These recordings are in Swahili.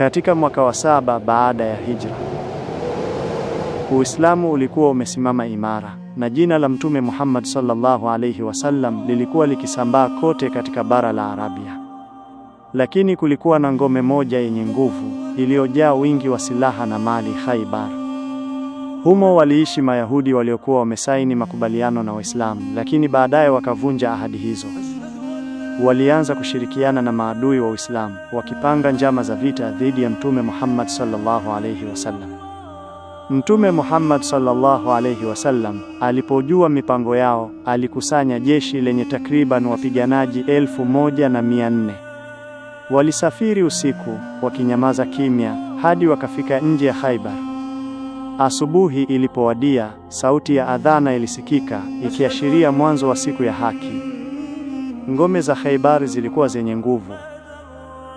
Katika mwaka wa saba baada ya hijra, Uislamu ulikuwa umesimama imara na jina la Mtume Muhammad sallallahu alayhi wasallam lilikuwa likisambaa kote katika bara la Arabia. Lakini kulikuwa na ngome moja yenye nguvu iliyojaa wingi wa silaha na mali, Khaibar. Humo waliishi Mayahudi waliokuwa wamesaini makubaliano na Waislamu, lakini baadaye wakavunja ahadi hizo walianza kushirikiana na maadui wa Uislamu wakipanga njama za vita dhidi ya Mtume Muhammad sallallahu alayhi wasallam. Mtume Muhammad sallallahu alayhi wasallam alipojua mipango yao, alikusanya jeshi lenye takriban wapiganaji elfu moja na mia nne. Walisafiri usiku wakinyamaza kimya hadi wakafika nje ya Khaibar. Asubuhi ilipowadia, sauti ya adhana ilisikika ikiashiria mwanzo wa siku ya haki. Ngome za Khaibari zilikuwa zenye nguvu,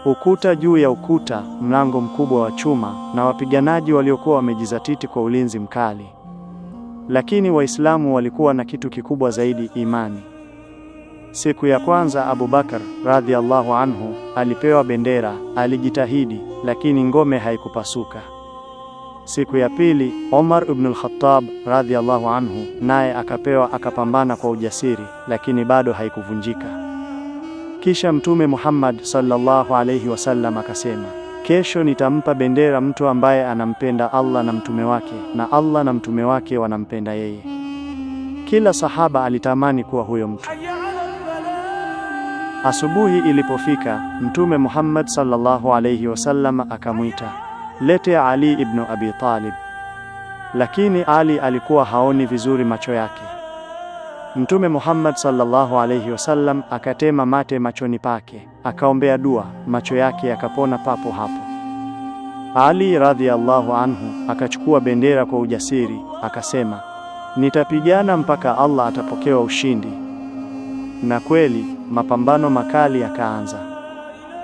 ukuta juu ya ukuta, mlango mkubwa wa chuma na wapiganaji waliokuwa wamejizatiti kwa ulinzi mkali. Lakini Waislamu walikuwa na kitu kikubwa zaidi, imani. Siku ya kwanza Abubakar radhiallahu anhu alipewa bendera, alijitahidi, lakini ngome haikupasuka. Siku ya pili Omar ibn al-Khattab radhiallahu anhu naye akapewa, akapambana kwa ujasiri, lakini bado haikuvunjika. Kisha Mtume Muhammad sallallahu alayhi wasallam akasema, kesho nitampa bendera mtu ambaye anampenda Allah na mtume wake na Allah na mtume wake wanampenda yeye. Kila sahaba alitamani kuwa huyo mtu. Asubuhi ilipofika, Mtume Muhammad sallallahu alayhi wasallam akamwita lete Ali ibnu Abi Talib. Lakini Ali alikuwa haoni vizuri macho yake. Mtume Muhammad sallallahu alayhi wasallam akatema mate machoni pake, akaombea dua, macho yake yakapona papo hapo. Ali radhiallahu anhu akachukua bendera kwa ujasiri, akasema, nitapigana mpaka Allah atapokewa ushindi. Na kweli mapambano makali yakaanza.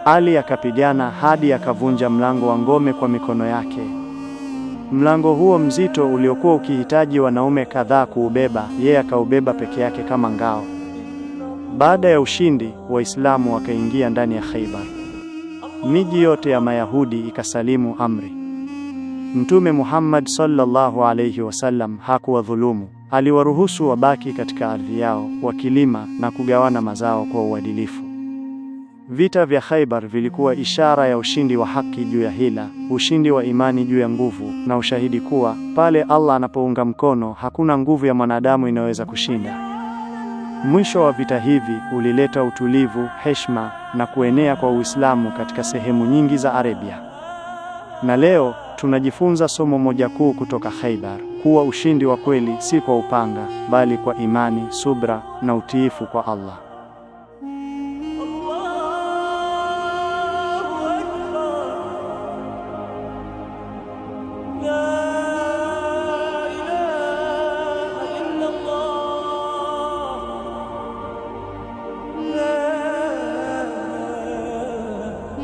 Ali akapigana hadi akavunja mlango wa ngome kwa mikono yake. Mlango huo mzito uliokuwa ukihitaji wanaume kadhaa kuubeba, yeye akaubeba peke yake kama ngao. Baada ya ushindi, Waislamu wakaingia ndani ya Khaibar. Miji yote ya Mayahudi ikasalimu amri. Mtume Muhammad sallallahu alayhi wasallam hakuwadhulumu, aliwaruhusu wabaki katika ardhi yao wakilima na kugawana mazao kwa uadilifu. Vita vya Khaibar vilikuwa ishara ya ushindi wa haki juu ya hila, ushindi wa imani juu ya nguvu, na ushahidi kuwa pale Allah anapounga mkono, hakuna nguvu ya mwanadamu inayoweza kushinda. Mwisho wa vita hivi ulileta utulivu, heshima na kuenea kwa Uislamu katika sehemu nyingi za Arabia. Na leo tunajifunza somo moja kuu kutoka Khaibar, kuwa ushindi wa kweli si kwa upanga, bali kwa imani, subra na utiifu kwa Allah.